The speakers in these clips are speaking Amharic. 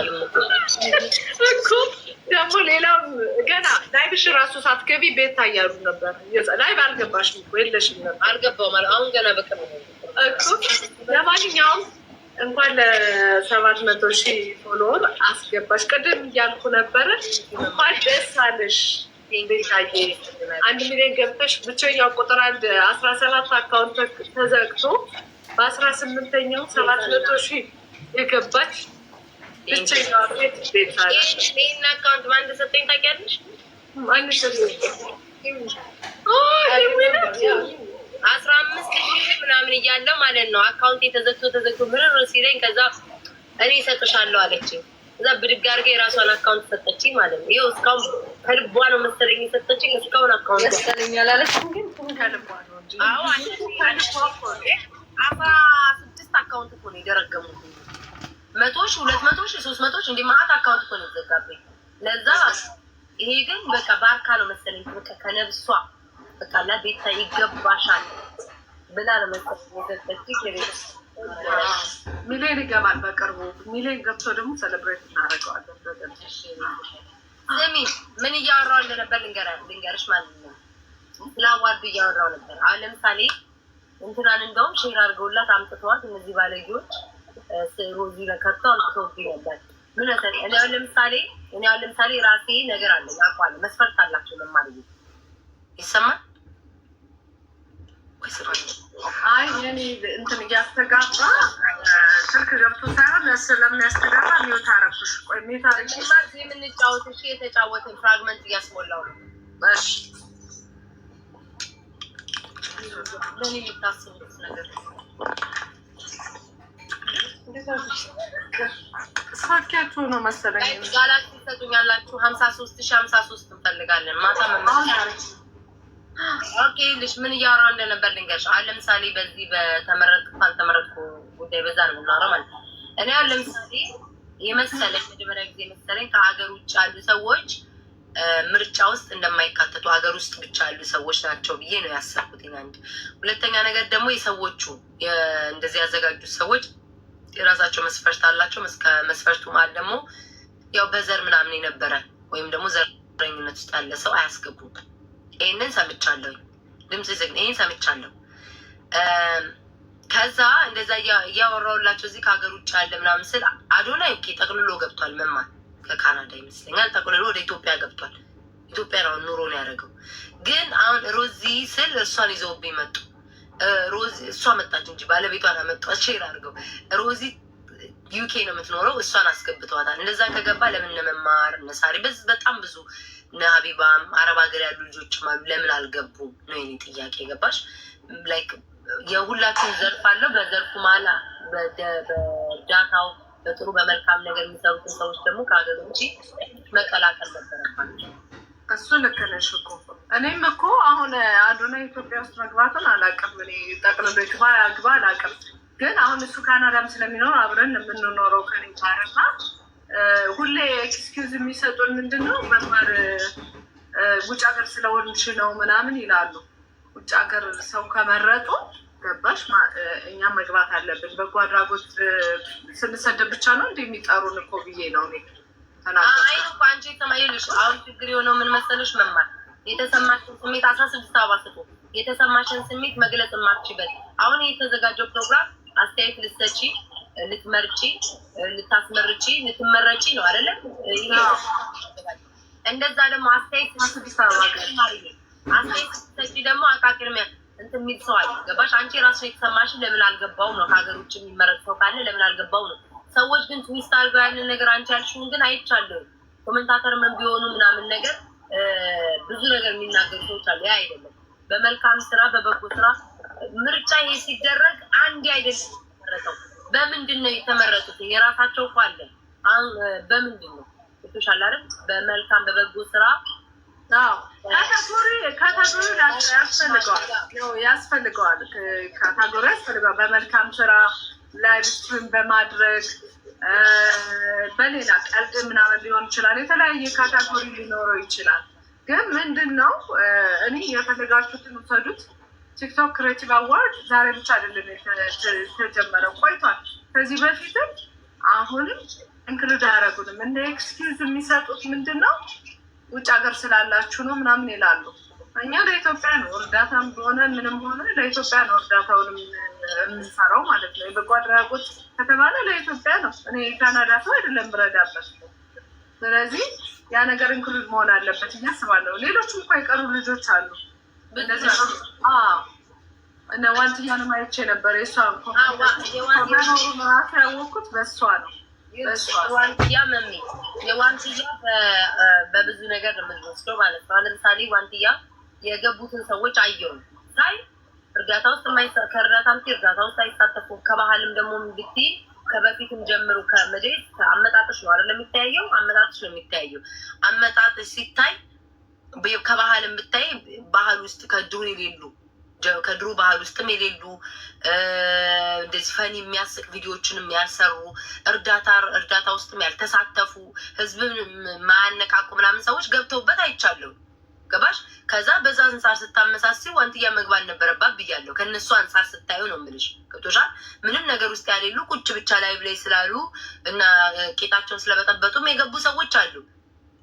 አይቻልም እኮ ደግሞ ሌላም ገና ላይብሽ ራሱ ሳትገቢ ቤት እያሉ ነበር። ላይብ አልገባሽም እኮ የለሽም ነበር አልገባሁም። አሁን ገና በቀ ለማንኛውም እንኳን ለሰባት መቶ ሺህ ፎሎወር አስገባሽ። ቅድም እያልኩ ነበረ እንኳን ደስ አለሽ ቤታዬ። አንድ ሚሊዮን ገብተሽ ብቸኛው ቁጥር አንድ አስራ ሰባት አካውንት ተዘግቶ በአስራ ስምንተኛው ሰባት መቶ ሺህ የገባች ይሄን አካውንት ማን እንደሰጠኝ ታውቂያለሽ? አስራ አምስት ሺህ ምናምን እያለው ማለት ነው አካውንት የተዘግቶ ተዘግቶ ምርር ሲለኝ ከዛ እኔ እሰጥሻለሁ አለችኝ። እዛ ብድግ አድርጋ የራሷን አካውንት ሰጠችኝ ማለት ነው። ይኸው እስካሁን ከልቧ ነው መሰለኝ የሰጠችኝ። እስካሁን አካውንት መሰለኛል አለችኝ፣ ግን ከልቧ ነው እንጂ አስራ ስድስት አካውንት እኮ ነው የደረገሙት መቶ ሺ ሁለት መቶ ሺ ሶስት መቶ ሺ እንደ መሀት አካውንት እኮ ነው የተዘጋብኝ። ለዛ ይሄ ግን በቃ ባርካ ነው መሰለኝ በቃ ከነብሷ በቃ ለቤታ ይገባሻል ብላ ነው መሰለኝ ሚሊዮን ይገባል በቅርቡ ሚሊዮን ገብቶ ደግሞ ሰለብሬት እናደርገዋለን። ስሚ ምን እያወራው እንደነበር ልንገርሽ ማለት ነው። ስለአዋርድ እያወራው ነበር። አሁን ለምሳሌ እንትናን እንደውም ሼር አድርገውላት አምጥተዋት እነዚህ ባለጌዎች ሮዚ በከርታውን አስወቢ ነበር። ምን ሰ እኔ አሁን ለምሳሌ እኔ አሁን ለምሳሌ ራሴ ነገር አለኝ አቋለ መስፈርት አላቸው መማር ይሰማል። አይ እኔ እንትን እያስተጋባ ስልክ ገብቶ ሳይሆን ያስተጋባ ሚውት አረብሽ ቆይ ሚውት አደረግሽ የምንጫወት እሺ፣ የተጫወትን ፍራግመንት እያስሞላው ነው። እሺ ምን የሚታስቡት ነገር ሳኪያችሁ ነው መሰለኝ። ጋላችሁ ይሰጡኛላችሁ። ሀምሳ ሶስት ሺ ሀምሳ ሶስት እንፈልጋለን። ማታ ኦኬ ልሽ ምን እያወራ እንደነበር ልንገርሽ። አሁን ለምሳሌ በዚህ በተመረጥኩ ካልተመረጥኩ ጉዳይ በዛ ነው ማለት ነው። እኔ አሁን ለምሳሌ የመሰለኝ መጀመሪያ ጊዜ ከሀገር ውጭ ያሉ ሰዎች ምርጫ ውስጥ እንደማይካተቱ ሀገር ውስጥ ብቻ ያሉ ሰዎች ናቸው ብዬ ነው ያሰብኩት። አንድ ሁለተኛ ነገር ደግሞ የሰዎቹ እንደዚህ ያዘጋጁት ሰዎች የራሳቸው መስፈርት አላቸው። መስፈርቱ ማለት ደግሞ ያው በዘር ምናምን የነበረ ወይም ደግሞ ዘረኝነት ውስጥ ያለ ሰው አያስገቡም። ይህንን ሰምቻለሁ፣ ድምፅ ዝግ፣ ይህን ሰምቻለሁ። ከዛ እንደዛ እያወራውላቸው እዚህ ከሀገር ውጭ ያለ ምናምን ስል አዶና ኦኬ ጠቅልሎ ገብቷል መማር ከካናዳ ይመስለኛል ጠቅልሎ ወደ ኢትዮጵያ ገብቷል። ኢትዮጵያ ነው ኑሮን ያደረገው። ግን አሁን ሮዚ ስል እሷን ይዘውብኝ መጡ። ሮዚ እሷ መጣች እንጂ ባለቤቷን አመጧት። ሼር አድርገው ሮዚ ዩኬ ነው የምትኖረው። እሷን አስገብተዋታል። እንደዛ ከገባ ለምን ነመማር ነሳሪ በጣም ብዙ ነሀቢባም አረብ ሀገር ያሉ ልጆች አሉ። ለምን አልገቡ ነው የኔ ጥያቄ። ገባሽ? ላይክ የሁላችሁን ዘርፍ አለው። በዘርፉ ማላ በዳታው በጥሩ በመልካም ነገር የሚሰሩትን ሰዎች ደግሞ ከሀገር ውጭ መቀላቀል ነበረባቸው። እሱ ልክ ነሽ እኮ እኔም እኮ አሁን አዶና ኢትዮጵያ ውስጥ መግባቱን አላውቅም። እኔ ጠቅልሎ ግባ አግባ አላውቅም። ግን አሁን እሱ ካናዳም ስለሚኖር አብረን የምንኖረው ከኔ ጋርና ሁሌ ኤክስኪውዝ የሚሰጡን ምንድን ነው መማር ውጭ ሀገር ስለሆንሽ ነው ምናምን ይላሉ። ውጭ ሀገር ሰው ከመረጡ ገባሽ እኛ መግባት አለብን። በጎ አድራጎት ስንሰደብ ብቻ ነው እንደሚጠሩን እኮ ብዬ ነው እኔ ተናአይን አሁን ችግር የሆነው መማር ስሜት የተሰማችን ስሜት መግለጽ ማትችበት አሁን የተዘጋጀው ፕሮግራም አስተያየት ልትሰጪ ልትመርጪ ልታስመርጪ ልትመረጪ ነው አይደለ? እንደዛ ደግሞ አስተያየት ደግሞ አቃቅርሚያ እንትን የሚል ሰው አለ። ገባሽ? አንቺ ራሱ የተሰማሽን ለምን አልገባው ነው። ከሀገሮች የሚመረጥ ሰው ካለ ለምን አልገባው ነው ሰዎች ግን ትዊስት አድርገው ያንን ነገር አንቺ ያልሽውን ግን አይቻለሁ። ኮሜንታተር ምን ቢሆኑ ምናምን ነገር ብዙ ነገር የሚናገሩ ሰዎች አሉ። ያ አይደለም። በመልካም ስራ በበጎ ስራ ምርጫ ይሄ ሲደረግ አንድ አይደለም የተመረጠው። በምንድን ነው የተመረጡት? የራሳቸው እኮ አለ። በምንድን ነው ይሻል አይደል? በመልካም በበጎ ስራ ካታጎሪ ካታጎሪ ያስፈልገዋል፣ ያስፈልገዋል፣ ካታጎሪ ያስፈልገዋል። በመልካም ስራ ላይቭ ስትሪም በማድረግ በሌላ ቀልድ ምናምን ሊሆን ይችላል። የተለያየ ካታጎሪ ሊኖረው ይችላል። ግን ምንድን ነው እኔ የፈለጋችሁትን ውሰዱት። ቲክቶክ ክሬቲቭ አዋርድ ዛሬ ብቻ አይደለም የተጀመረው፣ ቆይቷል። ከዚህ በፊትም አሁንም እንክልድ አያደርጉንም። እንደ ኤክስኪውዝ የሚሰጡት ምንድን ነው ውጭ ሀገር ስላላችሁ ነው ምናምን ይላሉ። እኛ ለኢትዮጵያ ነው እርዳታም ሆነ ምንም ሆነ ለኢትዮጵያ ነው እርዳታውን የምንሰራው ማለት ነው። የበጎ አድራጎት ከተባለ ለኢትዮጵያ ነው። እኔ የካናዳ ሰው አይደለም ብረዳበት። ስለዚህ ያ ነገር እንክሉድ መሆን አለበት አስባለሁ ሌሎችም እኳ የቀሩ ልጆች አሉ። እነዚህ እነ ዋንትያንም አይቼ ነበር። የእሷ መኖሩን ያወቅኩት በእሷ ነው። ዋንትያ መሜ የዋንትያ በብዙ ነገር የምንወስደው ማለት ነው። ለምሳሌ ዋንትያ የገቡትን ሰዎች አየውን ሳይ እርዳታ ውስጥ ከእርዳታ ም እርዳታ ውስጥ አይሳተፉ ከባህልም ደግሞ ብት ከበፊትም ጀምሩ ከምድር አመጣጥሽ ነው አይደለ የሚታያየው፣ አመጣጥሽ ነው የሚታያየው። አመጣጥሽ ሲታይ ከባህልም ብታይ ባህል ውስጥ ከድሩ የሌሉ ከድሩ ባህል ውስጥም የሌሉ እንደዚህ ፈን የሚያስቅ ቪዲዮዎችንም ያልሰሩ እርዳታ እርዳታ ውስጥም ያልተሳተፉ ህዝብን ማያነቃቁ ምናምን ሰዎች ገብተውበት አይቻለሁ። ገባሽ? ከዛ በዛ አንጻር ስታመሳስው ዋንትያ መግባት ነበረባት ብያለሁ። ከእነሱ አንጻር ስታዩ ነው ምልሽ። ገብቶሻል? ምንም ነገር ውስጥ ያሌሉ ቁጭ ብቻ ላይ ብላይ ስላሉ እና ቄጣቸውን ስለበጠበጡም የገቡ ሰዎች አሉ።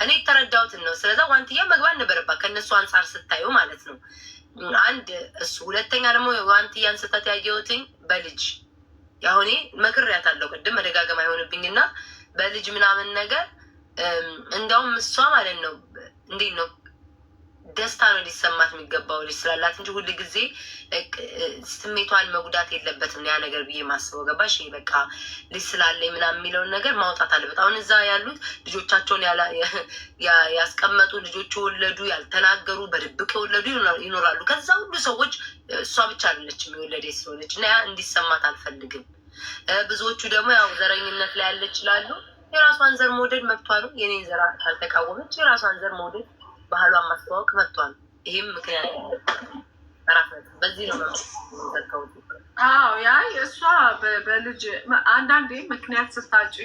እኔ የተረዳሁትን ነው። ስለዛ ዋንትያ መግባት ነበረባት ከእነሱ አንጻር ስታዩ ማለት ነው። አንድ እሱ ሁለተኛ ደግሞ ዋንትያን ስህተት ያየሁትኝ በልጅ ያሁኔ መክሬያታለሁ። ቅድም መደጋገም አይሆንብኝና በልጅ ምናምን ነገር እንደውም እሷ ማለት ነው እንዴት ነው ደስታ ነው ሊሰማት የሚገባው ልጅ ስላላት እንጂ ሁል ጊዜ ስሜቷን መጉዳት የለበትም ያ ነገር ብዬ ማስበው ገባሽ። በቃ ልጅ ስላለኝ ምናምን የሚለውን ነገር ማውጣት አለበት። አሁን እዛ ያሉት ልጆቻቸውን ያስቀመጡ ልጆች የወለዱ ያልተናገሩ፣ በድብቅ የወለዱ ይኖራሉ። ከዛ ሁሉ ሰዎች እሷ ብቻ አይደለችም የወለደ ስለሆነች እና ያ እንዲሰማት አልፈልግም። ብዙዎቹ ደግሞ ያው ዘረኝነት ላይ ያለ ይችላሉ። የራሷን ዘር መውደድ መብቷ ነው። የኔን ዘር ካልተቃወመች የራሷን ዘር መውደድ ባህሏን ማስተዋወቅ መጥቷል። ይህም ምክንያት በዚህ ነው ያ እሷ በልጅ አንዳንዴ ምክንያት ስታጭ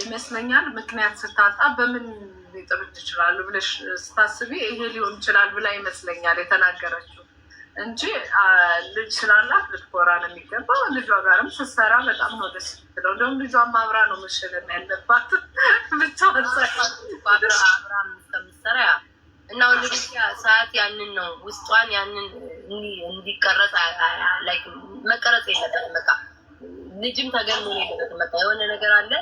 ይመስለኛል። ምክንያት ስታጣ በምን ሊጥሩት ይችላሉ ብለሽ ስታስቢ ይሄ ሊሆን ይችላል ብላ ይመስለኛል የተናገረችው እንጂ ልጅ ስላላት ልትኮራ ነው የሚገባው። ልጇ ጋርም ስትሰራ በጣም ነው ደስ ብለው። እንደውም ልጇ ማብራ ነው መሸለም ያለባት ብቻ ሰራ አብራ እና ወንድ ሰዓት ያንን ነው ውስጧን ያንን እንዲቀረጽ መቀረጽ የለበትም። በቃ ልጅም ተገን መሆን የለበትም። በቃ የሆነ ነገር አለ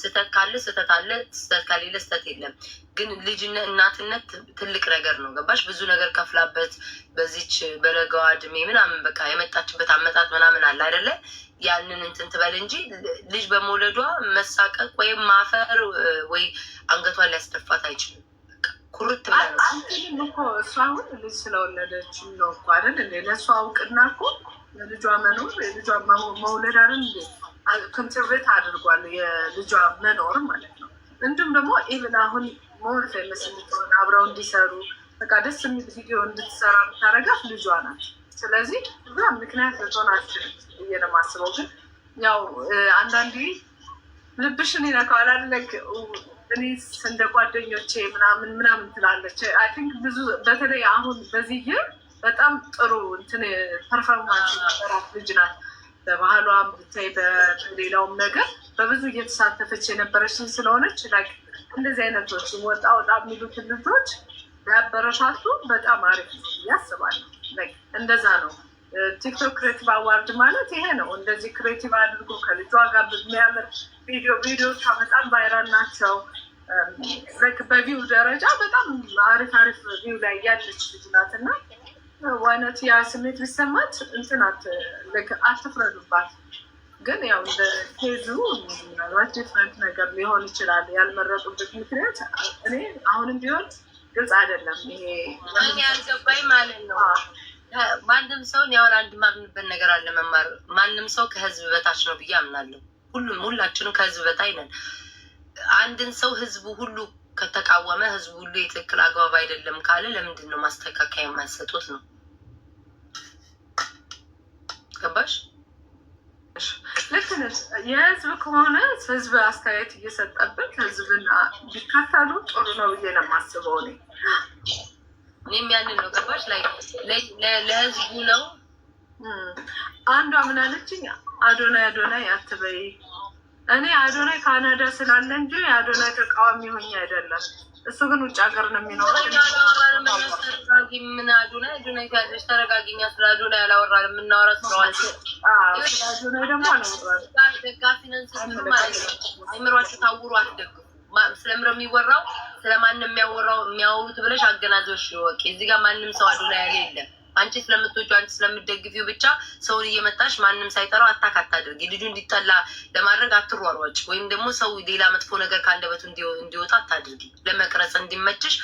ስህተት ካለ ስህተት አለ፣ ስህተት ከሌለ ስህተት የለም። ግን ልጅነት እናትነት ትልቅ ነገር ነው። ገባሽ? ብዙ ነገር ከፍላበት በዚች በለጋዋ እድሜ ምናምን በቃ የመጣችበት አመጣት ምናምን አለ አይደለ? ያንን እንትን ትበል እንጂ ልጅ በመውለዷ መሳቀቅ ወይም ማፈር ወይ አንገቷን ሊያስደፋት አይችልም። ኩርት አንተም እኮ እሷ አሁን ልጅ ስለወለደች ነው እኮ አይደል እንዴ? ለእሷ አውቅና እኮ የልጇ መኖር የልጇ መውለድ አይደል እንዴ? ኮንትርቤት አድርጓል የልጇ መኖር ማለት ነው። እንዲሁም ደግሞ ኢቭን አሁን ሞር ፌመስ እንድትሆን አብረው እንዲሰሩ በቃ ደስ የሚል ቪዲዮ እንድትሰራ የምታደርጋት ልጇ ናት። ስለዚህ እዛ ምክንያት ልትሆን አትችልም ብዬ ነው የማስበው። ግን ያው አንዳንዴ ልብሽን ይነካዋል አለ እኔ እንደ ጓደኞቼ ምናምን ምናምን ትላለች። አይ ቲንክ ብዙ በተለይ አሁን በዚህ ይር በጣም ጥሩ እንትን ፐርፎርማንስ ነበራት ልጅ ናት። በባህሏም ብታይ በሌላውም ነገር በብዙ እየተሳተፈች የነበረችን ስለሆነች እንደዚህ አይነቶች ወጣ ወጣ የሚሉት ልጆች ያበረታቱ በጣም አሪፍ ያስባል። እንደዛ ነው። ቲክቶክ ክሬቲቭ አዋርድ ማለት ይሄ ነው። እንደዚህ ክሬቲቭ አድርጎ ከልጇ ጋር በሚያምር ቪዲዮ ቪዲዮ በጣም ቫይራል ናቸው። በቪው ደረጃ በጣም አሪፍ አሪፍ ቪው ላይ ያለች ልጅ ናት እና ዋናቱ ያ ስሜት ቢሰማት እንትናት ልክ አትፍረዱባት። ግን ያው እንደ ኬዙ ምናልባት ዲፍረንት ነገር ሊሆን ይችላል። ያልመረጡበት ምክንያት እኔ አሁንም ቢሆን ግልጽ አይደለም። ይሄ ያልገባኝ ማለት ነው። ማንም ሰውን ያው አንድ ማምንበት ነገር አለ መማር። ማንም ሰው ከህዝብ በታች ነው ብዬ አምናለሁ። ሁሉም ሁላችንም ከህዝብ በታች ነን። አንድን ሰው ህዝቡ ሁሉ ከተቃወመ ህዝቡ ሁሉ የትክክል አግባብ አይደለም ካለ ለምንድን ነው ማስተካከያ የማይሰጡት ነው? ገባሽ? ልክ ነሽ። የህዝብ ከሆነ ህዝብ አስተያየት እየሰጠበት ህዝብና ቢካተሉ ጥሩ ነው ብዬ ነው የማስበው። እኔ እኔም ያንን ነው። ገባሽ? ለህዝቡ ነው። አንዷ አለችኝ? አዶናይ አዶናይ አትበይ እኔ አዶናይ ካናዳ ስላለ እንጂ የአዶናይ ተቃዋሚ ሆኜ አይደለም። እሱ ግን ውጭ ሀገር ነው የሚኖረው። ምን አዶናይ አዶናይ ያለሽ ተረጋጊ። ስለ አዶናይ የምናወራ ስለዋል ስለ አዶናይ ደግሞ ደጋፊ ነን ማለት ነው። ታውሩ የሚወራው ስለማንም የሚያወራው የሚያወሩት ብለሽ አገናዘብሽ ይወቂ። እዚህ ጋር ማንም ሰው አዶናይ ያለ የለም አንቺ ስለምትወጁ አንቺ ስለምደግፊው ብቻ ሰውን እየመጣሽ ማንም ሳይጠራው አታክ አታድርጊ። ልጁ እንዲጠላ ለማድረግ አትሯሯጭ፣ ወይም ደግሞ ሰው ሌላ መጥፎ ነገር ከአንደበቱ እንዲወጣ አታድርጊ። ለመቅረጽ እንዲመችሽ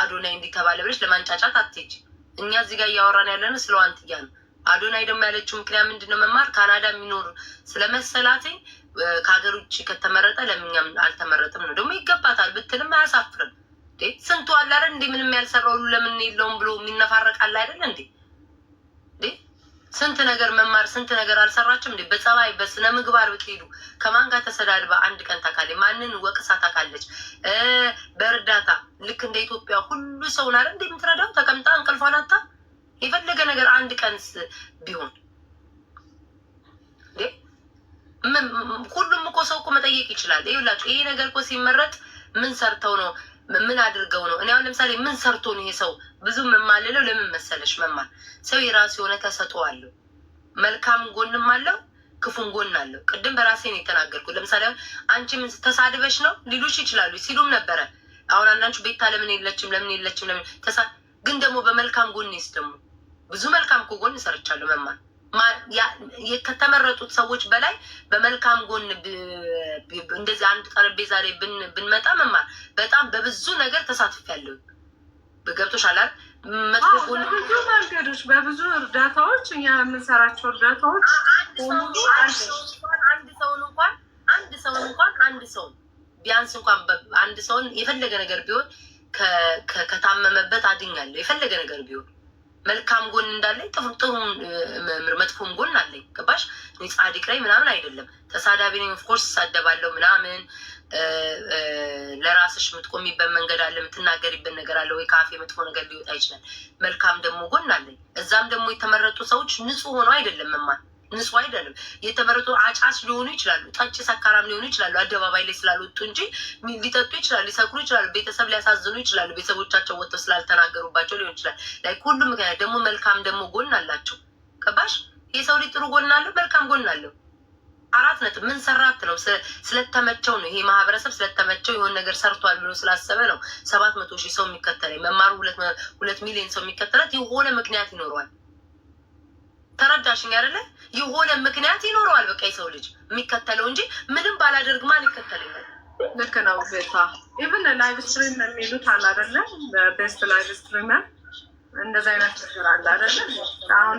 አዶናይ እንዲተባለ ብለሽ ለማንጫጫት አትሄጂ። እኛ እዚህ ጋር እያወራን ያለን ስለ ዋንትያ ነው። አዶናይ ደግሞ ያለችው ምክንያት ምንድነው? መማር ካናዳ የሚኖር ስለመሰላትኝ ከሀገር ውጭ ከተመረጠ ለምኛም አልተመረጥም ነው። ደግሞ ይገባታል ብትልም አያሳፍርም። ስንቱ አላለን እንዴ ምንም ያልሰራው ሁሉ ለምን የለውም ብሎ የሚነፋረቃል አይደለ እንዴ? ስንት ነገር መማር ስንት ነገር አልሰራችም እንዴ? በጸባይ በስነ ምግባር ብትሄዱ ከማን ጋር ተሰዳድባ አንድ ቀን ታውቃለች? ማንን ወቅሳ ታውቃለች? በእርዳታ ልክ እንደ ኢትዮጵያ ሁሉ ሰውን እንዴ የምትረዳው? ተቀምጣ እንቅልፏን አታ የፈለገ ነገር አንድ ቀን ቢሆን ሁሉም እኮ ሰው እኮ መጠየቅ ይችላል። ይላችሁ ይሄ ነገር እኮ ሲመረጥ ምን ሰርተው ነው ምን አድርገው ነው? እኔ አሁን ለምሳሌ ምን ሰርቶ ነው ይሄ ሰው ብዙ የምማልለው? ለምን መሰለሽ መማል ሰው የራሱ የሆነ ተሰጦ አለው። መልካም ጎንም አለው፣ ክፉን ጎን አለው። ቅድም በራሴ ነው የተናገርኩት። ለምሳሌ አሁን አንቺ ምን ተሳድበሽ ነው ሊሉሽ ይችላሉ፣ ሲሉም ነበረ። አሁን አንዳንቹ ቤታ ለምን የለችም ለምን የለችም ለምን ተሳ ግን ደግሞ በመልካም ጎን ይስ ደግሞ ብዙ መልካም ከጎን ሰርቻለሁ መማል ከተመረጡት ሰዎች በላይ በመልካም ጎን እንደዚህ አንድ ጠረጴዛ ላይ ብንመጣ መማር በጣም በብዙ ነገር ተሳትፌያለሁ። ገብቶሻል አይደል? በብዙ መንገዶች በብዙ እርዳታዎች እኛ የምንሰራቸው እርዳታዎች አንድ ሰውን እንኳን አንድ ሰውን እንኳን አንድ ሰውን ቢያንስ እንኳን አንድ ሰውን የፈለገ ነገር ቢሆን ከታመመበት አድኛለሁ የፈለገ ነገር ቢሆን መልካም ጎን እንዳለኝ ጥሩም መጥፎም ጎን አለኝ። ገባሽ? ጻድቅ ላይ ምናምን አይደለም ተሳዳቢ ነኝ። ኦፍኮርስ እሳደባለሁ ምናምን። ለራስሽ የምትቆሚበት መንገድ አለ፣ የምትናገሪበት ነገር አለ። ወይ ካፌ መጥፎ ነገር ሊወጣ ይችላል። መልካም ደግሞ ጎን አለኝ። እዛም ደግሞ የተመረጡ ሰዎች ንጹህ ሆነው አይደለም እማን ንሱ አይደለም። የተመረጡ አጫስ ሊሆኑ ይችላሉ፣ ጠጭ ሰካራም ሊሆኑ ይችላሉ። አደባባይ ላይ ስላልወጡ እንጂ ሊጠጡ ይችላሉ፣ ሊሰክሩ ይችላሉ፣ ቤተሰብ ሊያሳዝኑ ይችላሉ። ቤተሰቦቻቸው ወጥተው ስላልተናገሩባቸው ሊሆን ይችላል። ላይ ሁሉ ምክንያት ደግሞ መልካም ደግሞ ጎን አላቸው። ገባሽ? የሰው ልጅ ጥሩ ጎን አለው፣ መልካም ጎን አለው። አራት ነጥብ ምን ሰራት ነው? ስለተመቸው ነው። ይሄ ማህበረሰብ ስለተመቸው የሆን ነገር ሰርቷል ብሎ ስላሰበ ነው። ሰባት መቶ ሺህ ሰው የሚከተለ መማሩ ሁለት ሚሊዮን ሰው የሚከተላት የሆነ ምክንያት ይኖረዋል። ተረዳሽኝ አይደለ? የሆነ ምክንያት ይኖረዋል። በቃ የሰው ልጅ የሚከተለው እንጂ ምንም ባላደርግ ማን ይከተለኛል? ልክ ነው ቤታ። ኢቭን ላይቭ ስትሪም የሚሉት አላደለም። ቤስት ላይቭ ስትሪመር እንደዛ አይነት ነገር አለ አይደለ? አሁን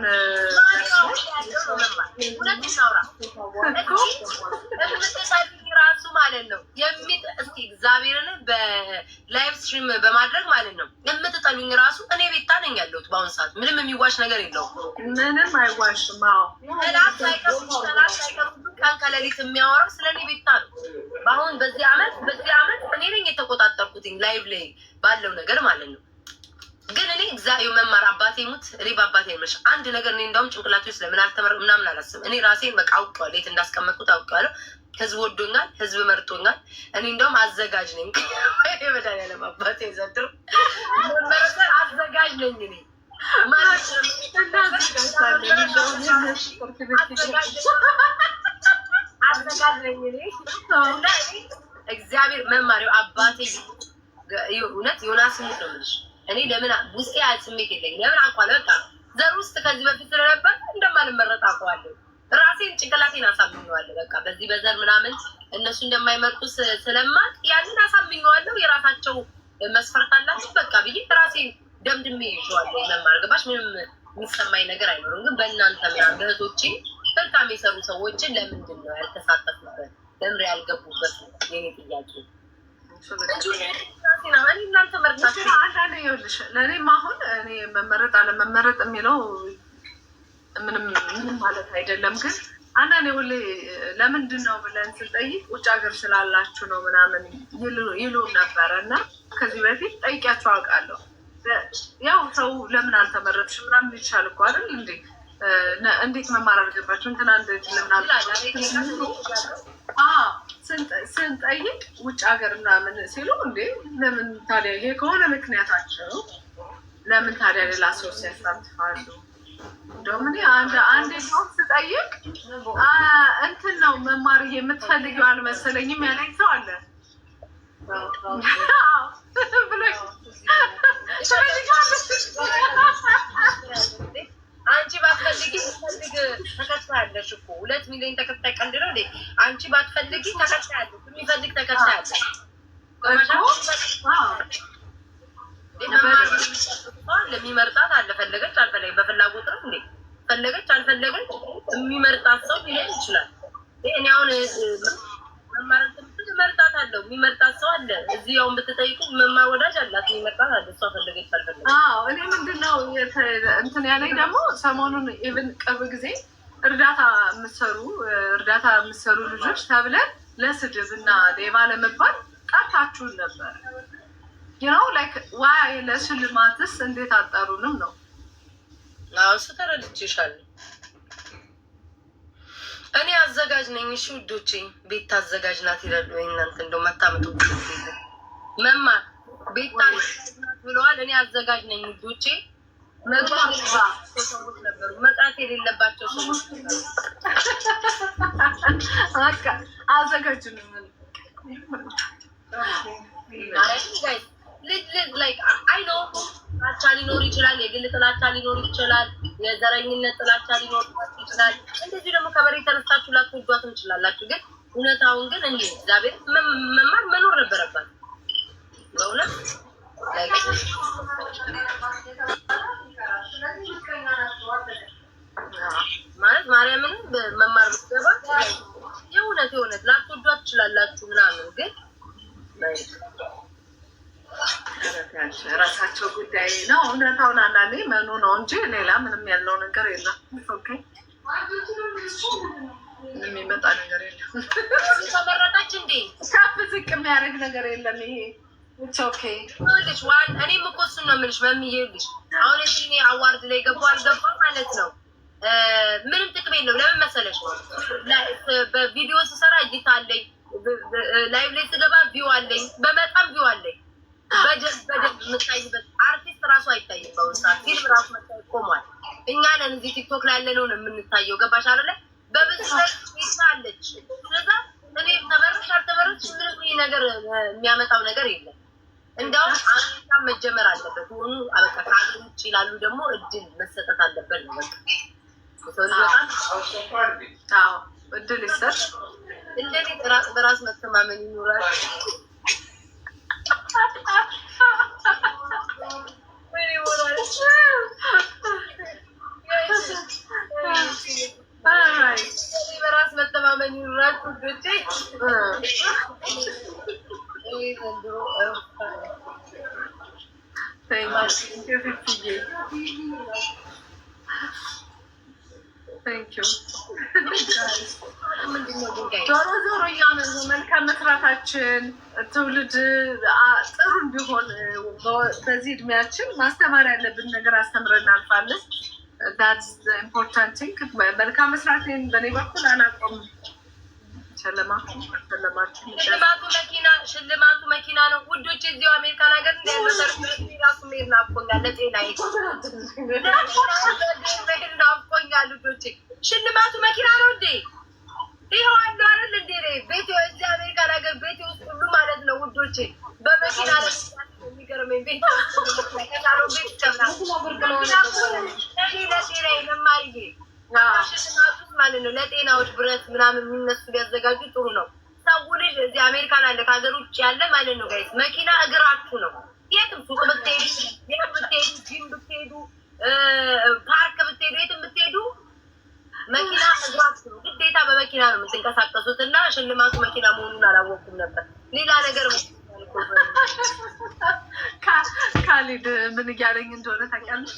ራሱ ማለት ነው የሚጥ እስቲ እግዚአብሔርን በላይቭ ስትሪም በማድረግ ማለት ነው የምትጠሉኝ ራሱ እኔ ቤታ ነኝ ያለሁት በአሁኑ ሰዓት ምንም የሚዋሽ ነገር የለው ምንም አይዋሽም። ጠላት ሳይቀሩ ቀን ከሌሊት የሚያወራው ስለ እኔ ቤታ ነው። በአሁን በዚህ አመት በዚህ አመት እኔ ነኝ የተቆጣጠርኩትኝ ላይቭ ላይ ባለው ነገር ማለት ነው ግን እኔ እግዚአብሔር መማር አባቴ ሙት እኔ አባቴ ምሽ አንድ ነገር እኔ እንዳውም ጭንቅላት ውስጥ ለምን አልተመረ ምናምን አላስብም። እኔ ራሴን በቃ አውቀዋለሁ፣ የት እንዳስቀመጥኩት አውቀዋለሁ። ህዝብ ወዶኛል፣ ህዝብ መርጦኛል። እኔ እንዳውም አዘጋጅ ነኝ። መድኃኒዓለም አባቴ ዘድሮ አዘጋጅ ነኝ እኔ አዘጋጅ ነኝ እኔ እግዚአብሔር መማሪው አባቴ እውነት ዮናስ ሙት ነው የምልሽ እኔ ለምን ውስጤ ስሜት የለኝ ለምን አቋል በቃ ዘር ውስጥ ከዚህ በፊት ስለነበር እንደማልመረጥ አውቀዋለሁ። ራሴን ጭንቅላቴን አሳምኘዋለሁ። በቃ በዚህ በዘር ምናምን እነሱ እንደማይመርጡ ስለማቅ ያንን አሳምኘዋለሁ። የራሳቸው መስፈርት አላቸው በቃ ብዬ ራሴን ደምድሜ ይዤዋለሁ። መማር ገባሽ ምንም የሚሰማኝ ነገር አይኖርም። ግን በእናንተ ሚያ እህቶቼ መልካም የሰሩ ሰዎችን ለምንድን ነው ያልተሳተፉበት? ለምን ያልገቡበት? የኔ ጥያቄ ለእኔ አሁን እኔ መመረጥ አለመመረጥ የሚለው ምንም ማለት አይደለም። ግን አንዳንድ ሁሌ ለምንድን ነው ብለን ስንጠይቅ ውጭ ሀገር ስላላችሁ ነው ምናምን ይሉ ነበረ እና ከዚህ በፊት ጠይቂያቸው አውቃለሁ። ያው ሰው ለምን አልተመረጥሽ ምናምን ይቻል እኮ አይደል እንዴ እንዴት መማር አልገባቸው እንትና እንደት ስንጠይቅ ውጭ ሀገር ምናምን ሲሉ እንዴ ለምን ታዲያ ይሄ ከሆነ ምክንያታቸው ለምን ታዲያ ሌላ ሰው ሲያሳትፋሉ? እንደውም እኔ አንድ አንዴ ሰው ስጠይቅ እንትን ነው መማር የምትፈልጊው አልመሰለኝም ያለኝ ሰው አለ ብሎ አንቺ ባትፈልጊ ፈልግ ተከታያለሽ እኮ ሁለት ሚሊዮን ተከታይ ቀልድ ነው። አንቺ ባትፈልጊ ተከታያለሽ፣ የሚፈልግ ተከታያለሽ። ለሚመርጣት አለ ፈለገች አልፈለገች፣ በፍላጎት ነው እንዴ ፈለገች አልፈለገች፣ የሚመርጣት ሰው ሊሆን ይችላል። እኔ አሁን መማረት የሚመርጣት አለው። የሚመርጣት ሰው አለ። እዚህ ያው ብትጠይቁ መማ ወዳጅ አላት። የሚመርጣት አለ። እሷ ፈለገ ይፈልገ። እኔ ምንድነው እንትን ያለኝ ደግሞ ሰሞኑን ኢቭን ቅርብ ጊዜ እርዳታ የምሰሩ እርዳታ የምሰሩ ልጆች ተብለን ለስድብ እና ሌባ ለመባል ጠርታችሁን ነበር። ይኸው ላይክ ዋይ ለሽልማትስ እንዴት አጠሩንም ነው እሱ ተረድቼሻለሁ እኔ አዘጋጅ ነኝ። እሺ ውዶቼ፣ ቤት አዘጋጅ ናት ይላሉ። እናንተ እንደው መታመጡ መማር ቤታ ብለዋል። እኔ አዘጋጅ ነኝ ውዶቼ። መግባት ሰዎች ነበሩ፣ መጣት የሌለባቸው ሰዎች አዘጋጁ ነው አይ ጥላቻ ሊኖር ይችላል፣ የግል ጥላቻ ሊኖር ይችላል፣ የዘረኝነት ጥላቻ ሊኖር ይችላል። እንደዚህ ደግሞ ከበሬ የተነሳችሁ ላትወዷት ትችላላችሁ። ግን እውነታውን ግን እንዲ እግዚአብሔር መማር መኖር ነበረባት በእውነት እውነታውን አንዳንዴ መኑ ነው እንጂ ሌላ ምንም ያለው ነገር የለም። ምንም የሚመጣ ነገር የለም። ተመረጣች እንዴ ከፍ ዝቅ የሚያደርግ ነገር የለም። ይሄ እኔም እኮ እሱን ነው የምልሽ። በሚሄድሽ አሁን እዚህ አዋርድ ላይ ገቡ አልገባ ማለት ነው ምንም ጥቅም የለም። ለምን መሰለሽ በቪዲዮ ስሰራ እይታ አለኝ፣ ላይቭ ላይ ስገባ ቪው አለኝ፣ በመጣም ቪው አለኝ በደንብ በደንብ የምታይበት አርቲስት ራሱ አይታይም። በአሁኑ ሰዓት ፊልም ራሱ መታየት ቆሟል። እኛ ነን እዚህ ቲክቶክ ላይ ያለ ነውን የምንታየው ገባሽ አለ በብዛት አለች። ስለዛ እኔ ተመረች አልተመረች ምንም ነገር የሚያመጣው ነገር የለም። እንዲያውም አሜሪካ መጀመር አለበት ሆኑ በቃ ከአገር ውጭ ይላሉ ደግሞ እድል መሰጠት አለበት ነው በቃ እድል ይሰጥ እንደኔ በራስ መተማመን ይኖራል። Tem mais que eu fiquei. ዞሮ ዞሮ እያመኑ መልካም መስራታችን ትውልድ ጥሩ እንዲሆን በዚህ እድሜያችን ማስተማር ያለብን ነገር አስተምረን እናልፋለን። ኢምፖርታንት መልካም መስራትን በእኔ በኩል አላቆምም። ሽልማቱ መኪና ነው ውዶች። እዚሁ አሜሪካን ሀገር ራሱ መሄድ ናፍቆኛል። ለጤናዬ ናፍቆኛል ልጆቼ። ሽልማቱ መኪና ነው እንዴ? ይኸው አሉ አይደል እንዴ? ቤት እዚህ አሜሪካን ሀገር ቤት ውስጥ ሁሉ ማለት ነው ውዶቼ፣ በመኪና ነው የሚገርመኝ። ቤት ቤት ይጨምራል ለጤናዬ መማርዬ ሽማጡት ማለት ነው ለጤናዎች ብረት ምናምን የሚነሱ ቢያዘጋጁ ጥሩ ነው። ሰው ልጅ እዚህ አሜሪካን አለ ከሀገር ውጭ ያለ ማለት ነው ጋይስ መኪና እግራችሁ ነው። የትም ሱቅ ብትሄዱ፣ የት ብትሄዱ፣ ጂም ብትሄዱ፣ ፓርክ ብትሄዱ፣ የትም ብትሄዱ መኪና እግራችሁ ነው። ግዴታ በመኪና ነው የምትንቀሳቀሱት እና ሽልማቱ መኪና መሆኑን አላወቅኩም ነበር። ሌላ ነገር ካሊድ ምን እያለኝ እንደሆነ ታውቂያለሽ?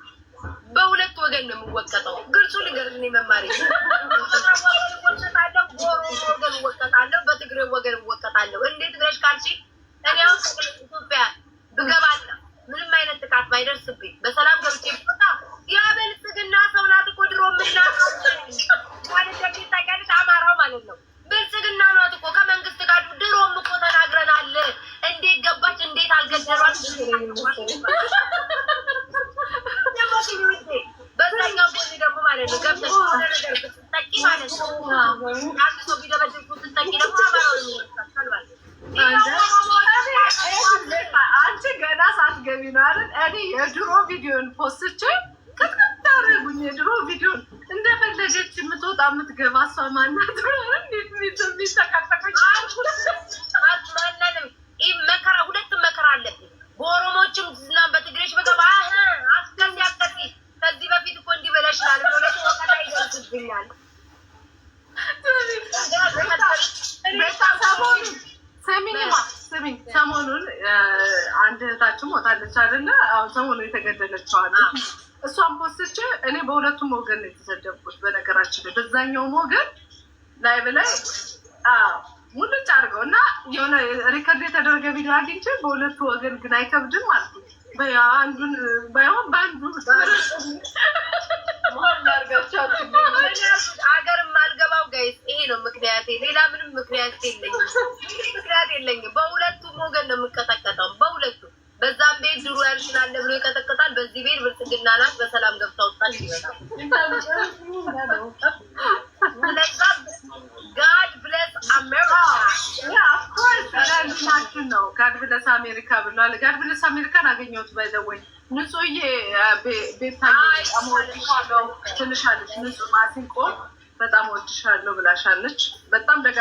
በሁለት ወገን ነው የምወቀጠው። ግልጹ ነገር እኔ መማር ይወቀጣለሁ፣ በኦሮሞ ወገን እወቀጣለሁ፣ በትግሬ ወገን እወቀጣለሁ። እንዴት ትግረሽ ካልሽ እኔ አሁን ኢትዮጵያ ብገባለ ምንም አይነት ጥቃት ባይደርስብኝ በሰላም ገብቼ ቦታ ያ ብልጽግና ሰው ናት እኮ ድሮ ምና ታውቂያለሽ፣ አማራው ማለት ነው ብልጽግና ናት እኮ ከመንግስት ጋር ድሮም እኮ ተናግረናል። እንዴት ገባች? እንዴት አልገደሯት? ፎቶን ፖስትቼ እኔ በሁለቱም ወገን ነው የተሰደብኩት። በነገራችን ላይ በዛኛውም ወገን ላይ ብላይ ሙልጭ አድርገው እና የሆነ ሪከርድ የተደረገ ቪዲዮ አግኝቼ በሁለቱ ወገን ግን አይከብድም ማለት ነው። አንዱን ባይሆን በአንዱ ሀገር የማልገባው ጋይስ ይሄ ነው ምክንያቴ። ሌላ ምንም ምክንያት የለኝም፣ ምክንያት የለኝም። በሁለቱም ወገን ነው የምቀጠቀጠው በሁለቱም በዛም ቤት ድሮ ያልሽናለ ብሎ ይቀጠቅጣል። በዚህ ቤት ብልጽግና ናት በሰላም ገብታ ወጣል ይበላል። ጋድ ብለስ አሜሪካ ነው። ጋድ ብለስ አሜሪካ ብሏል። ጋድ ብለስ አሜሪካን አገኘሁት ባይዘወኝ ንጹሕዬ ቤታ ሞወድሻለው ትንሻለች። ንጹሕ ማሲንቆ በጣም ወድሻለሁ ብላሻለች። በጣም ይጣ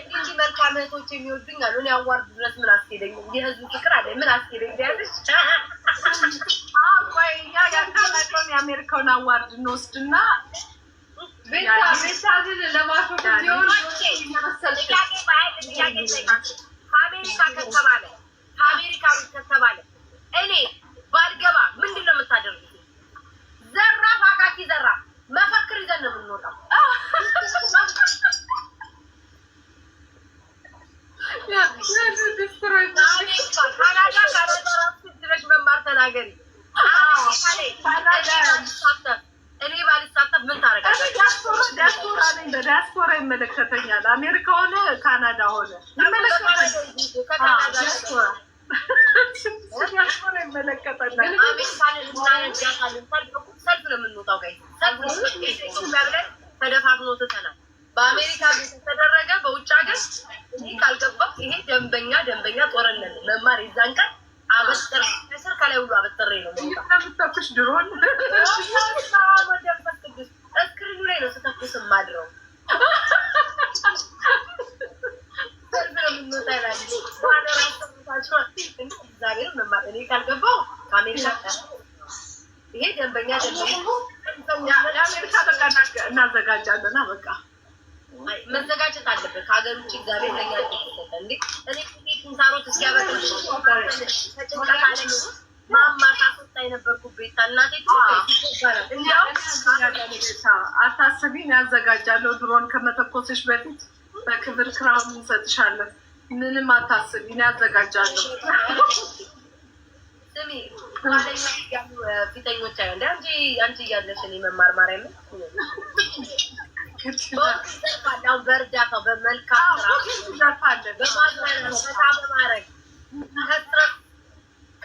እንዲህ መልካም እህቶች የሚወዱኝ አሉ። እኔ አዋርድ ድረስ ምን አስኬደኝ? የህዝብ ፍቅር አለ ምን አስኬደኝ? ያለች የአሜሪካውን አዋርድ እንወስድና ቤታቤታዝን ለማሾፍ ቢሆን አሜሪካ ከተባለ አሜሪካ ከተባለ እኔ ባልገባ ምንድን ነው የምታደርጉት? ዘራፍ አቃቂ ዘራፍ መፈክር ይዘን ነው የምንወጣው። እኔ ባልሳተፍ ምን ታደርጋለህ? ዲያስፖራ ይመለከተኛል። አሜሪካ ሆነ ካናዳ ሆነ ዲያስፖራ ይመለከተኛል። ሰልፍ ነው የምንወጣው። ተደፋፍኖ ትተናል ደንበኛ ጦርነት መማር ይዛን ቀን አበስር ከላይ ሁሉ አበጥሬ ነው ምታፍሽ ድሮን አስቢን ያዘጋጃለሁ። ድሮን ከመተኮስሽ በፊት በክብር ክራውን እንሰጥሻለን። ምንም አታስቢን ያዘጋጃለሁ። ፊተኞች አለ አንቺ መማር ማርያምን በመልካም በማድረግ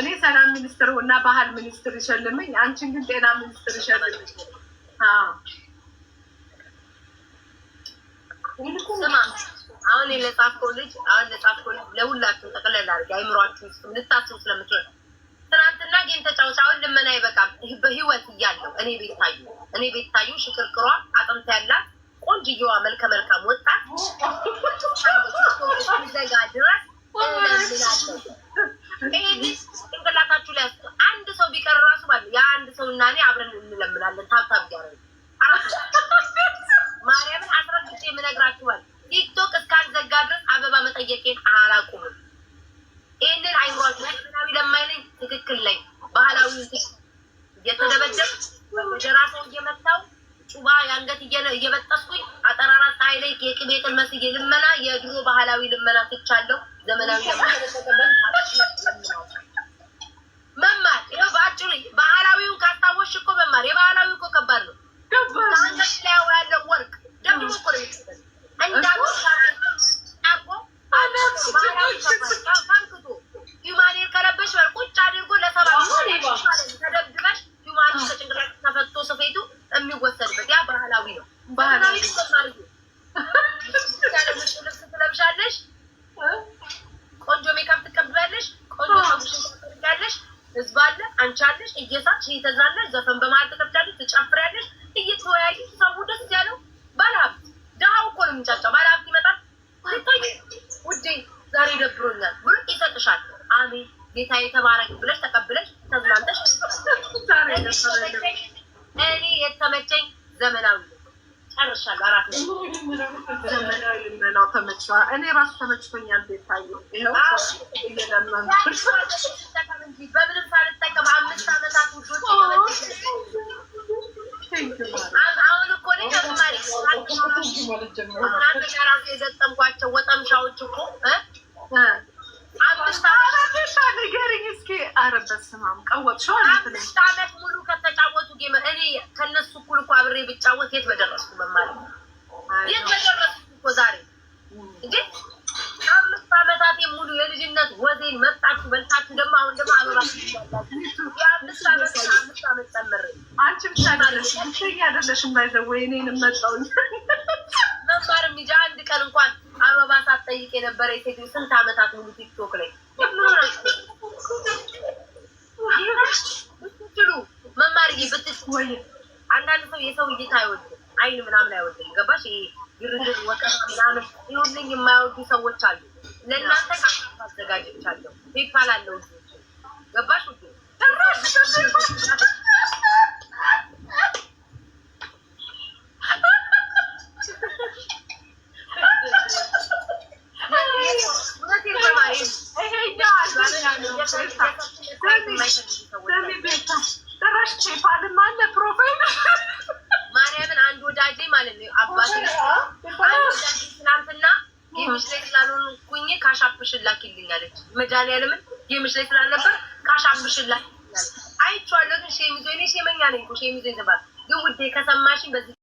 እኔ ሰላም ሚኒስትር እና ባህል ሚኒስትር ይሸልምኝ፣ አንቺን ግን ጤና ሚኒስትር ይሸልምኝ። አሁን ለጻፍኮ ልጅ አሁን ለጻፍኮ ልጅ ለሁላችሁም ጠቅለል አድርጌ አይምሯችሁ ውስጥ ልታስቡ ስለምትሆ ትናንትና ጌም ተጫወች። አሁን ልመና አይበቃም በህይወት እያለሁ እኔ ቤታዩ እኔ ቤታዩ ሽክርክሯ አጥምት ያላት ቆንጅየዋ መልከ መልካም ወጣት ዘጋ ድረስ ጭንቅላታችሁ ላይ አንድ ሰው ቢቀር ራሱ ማለት የአንድ ሰው እና እኔ አብረን እንለምናለን። ታብታብ ያረ ማርያምን አስረግጬ የምነግራችኋል። ቲክቶክ እስካልዘጋ ድረስ አበባ መጠየቄን አላቁምም። ይህንን አይሯት ናዊ ለማይለኝ ትክክል ላይ ባህላዊ እየተደበደብ ወደ ራሰው እየመታው ጩባ የአንገት እየበጠስኩኝ አጠራራ ፀሐይ ላይ የቅቤ ቅልመስ ልመና የድሮ ባህላዊ ልመና ትቻለሁ። ዘመናዊ መማር ይኸው በአጭሩ ባህላዊውን ካስታወስሽ እኮ መማር የባህላዊ እኮ ከባድ ነው። ከአንገት ላይ ያለው ወርቅ ደብሮ እኮ ነው የሚችል እንዳ ትለብሻለሽ፣ ቆንጆ ሜካፕ ትቀብያለሽ፣ ቆንጆ ታደርጋለሽ። ህዝብ አለ፣ አንቺ አለሽ፣ እየሳቅሽ እየተዝናናሽ ዘፈን በመሀል ትከፍቻለሽ፣ ትጨፍሪያለሽ፣ እየተወያዩ ሰው ደስ ያለው ባለሀብት ድሀው እኮ ነው የሚጫጫው። ባለሀብት ይመጣል፣ ውዴ ዛሬ ደብሮኛል ይሰጥሻል። አሜን ጌታ የተባረክ ብለሽ ተቀብለሽ ተዝናንተሽ እኔ የተመቸኝ ዘመናዊ ጨርሻለሁ። አራት ዘመናዊ ልመናው ተመችቷል። እኔ ራሱ ተመችቶኛል። ቤታዩ በምንም ሳልጠቀም አምስት ዓመታት ውዶች አሁን እኮ የገጠምኳቸው ወጠምሻዎች እኮ አምስት ዓመት ሙሉ ከተጫወቱ ጌም እኔ ከነሱ እኩል እኮ አብሬ ብጫወት የት በደረስኩ በማለት የት በደረስኩ እኮ ዛሬ እንዴ አምስት ዓመታት ሙሉ የልጅነት ወዜን መጣችሁ በልታችሁ ደግሞ አሁን ደግሞ አበባ አንቺ ብቻ አይደለሽም ባይዘወይ እኔንም መጣው መማር የሚጃ አንድ ቀን እንኳን አበባ ሳትጠይቅ የነበረ የሴት ስንት አመታት ሙሉ ቲክቶክ ላይ ብትሉ መማር ብትወይ አንዳንድ ሰው የሰው እይታ አይወድም፣ አይን ምናምን አይወድም። ገባሽ? ይሄ ግርግር ወቀት ምናምን ይሁንልኝ የማይወዱ ሰዎች አሉ። ለእናንተ አዘጋጅቻለሁ። ፔፓል አለው ገባሽ? መድኃኒዓለምን ጌምሽ ላይ ስላልነበር ካሻብሽላ አይቼዋለሁ። ግን ሼሚዞ እኔ ሼመኛ ነኝ ሼሚዞ ይዘባል። ግን ውዴ ከሰማሽኝ በዚህ